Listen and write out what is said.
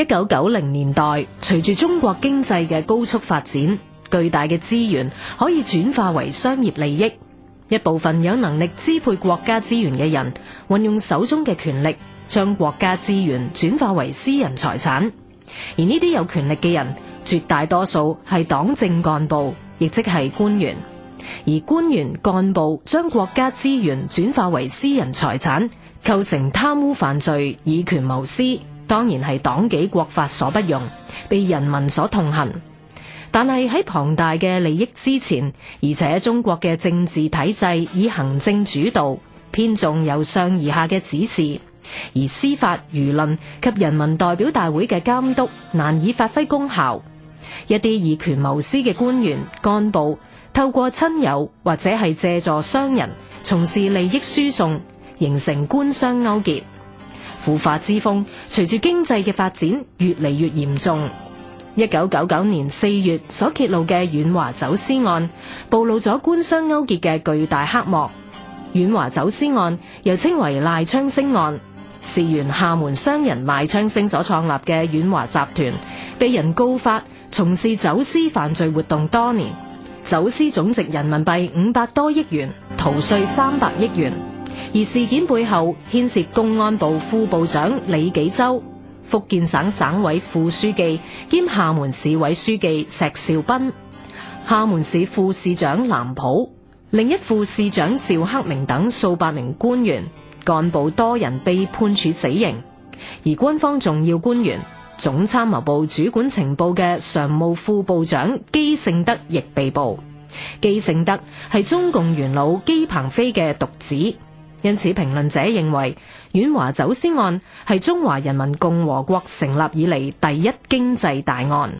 一九九零年代，隨住中國經濟嘅高速發展，巨大嘅資源可以轉化為商業利益。一部分有能力支配國家資源嘅人，運用手中嘅權力，將國家資源轉化為私人財產。而呢啲有權力嘅人，絕大多數係黨政幹部，亦即係官員。而官員幹部將國家資源轉化為私人財產，構成貪污犯罪，以權謀私。當然係黨紀國法所不容，被人民所痛恨。但係喺龐大嘅利益之前，而且中國嘅政治體制以行政主導，偏重由上而下嘅指示，而司法、輿論及人民代表大會嘅監督難以發揮功效。一啲以權謀私嘅官員、幹部，透過親友或者係借助商人從事利益輸送，形成官商勾結。腐化之風，隨住經濟嘅發展越嚟越嚴重。一九九九年四月所揭露嘅遠華走私案，暴露咗官商勾結嘅巨大黑幕。遠華走私案又稱為賴昌星案，事源廈門商人賴昌星所創立嘅遠華集團，被人告發從事走私犯罪活動多年，走私總值人民幣五百多億元，逃稅三百億元。而事件背後牽涉公安部副部長李紀周、福建省省委副書記兼廈門市委書記石兆斌、廈門市副市長藍普、另一副市長趙克明等數百名官員幹部，多人被判處死刑，而軍方重要官員總參謀部主管情報嘅常務副部長姬勝德亦被捕。姬勝德係中共元老姬鵬飛嘅獨子。因此，評論者認為遠華走私案係中華人民共和國成立以嚟第一經濟大案。